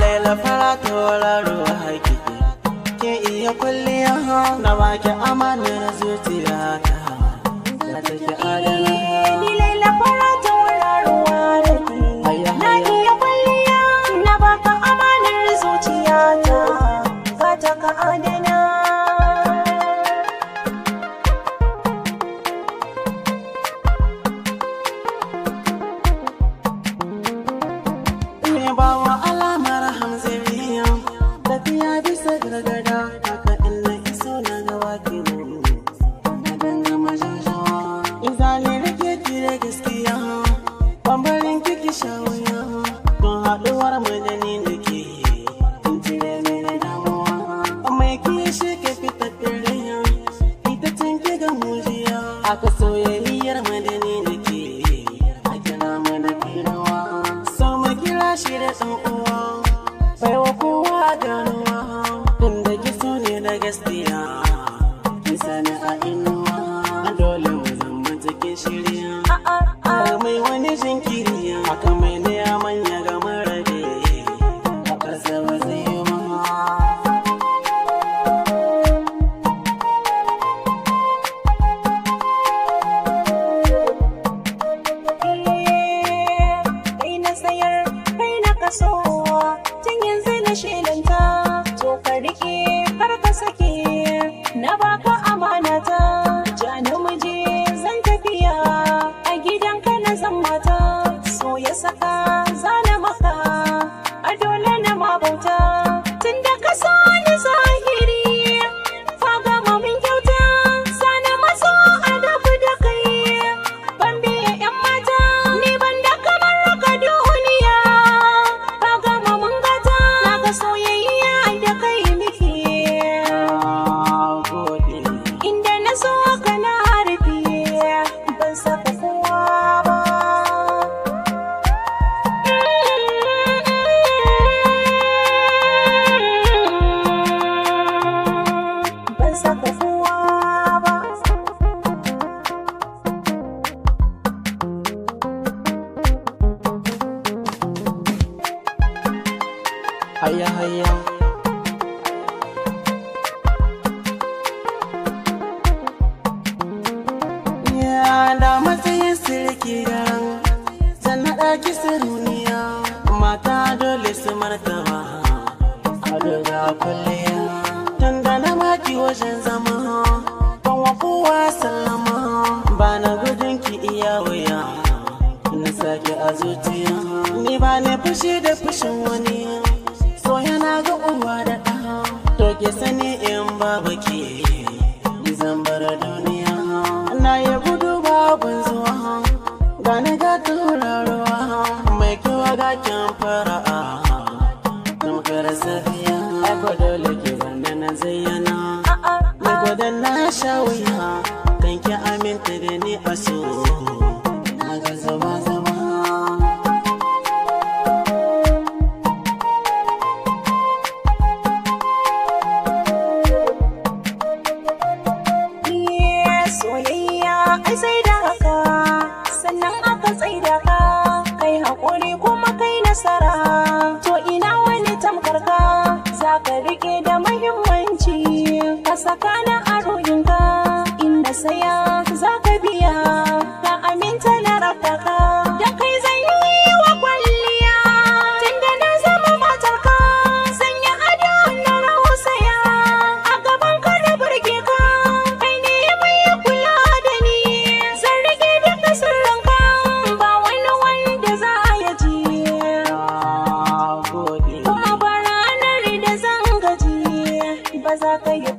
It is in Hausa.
laila fara tauraro hakiki ke iya kwalliya na baki amanar zuciya ta da take adana ni laila fara tauraro hakiki na iya kwalliya na baka amanar zuciya ta ba ta ka adana ba isa gargada haka in na iso na gawa ke nuni na ganga majajawa in zane rage dire gaskiya bambarin kiki shawaya don haɗuwar madani da ke in cire mai da damuwa mai shi ke fitar fitattun ya, ita can ke ga mujiya aka soyayyar madani da ke a kira mu da kirawa so mu kira shi da ɗan uwa mata so ya saka hayya hayya da matsayin sirkiya zan haɗa ki siruniya mata dole su martaba a daga kulliya tun da na maki wajen zama ban wa kowa sallama Bana na gudun ki iya wuya na sake a zuciya ni ba na fushi da fushin wani na ga uwa da ɗa to ke sani in babu ke zan bar duniya na yi gudu babun zuwa ga ni ga turaruwa mai kyau ga kyan fara'a tamkar safiya ko dole ke zanne na zayyana na gwadon na sha kan ki aminta da ni a so девятое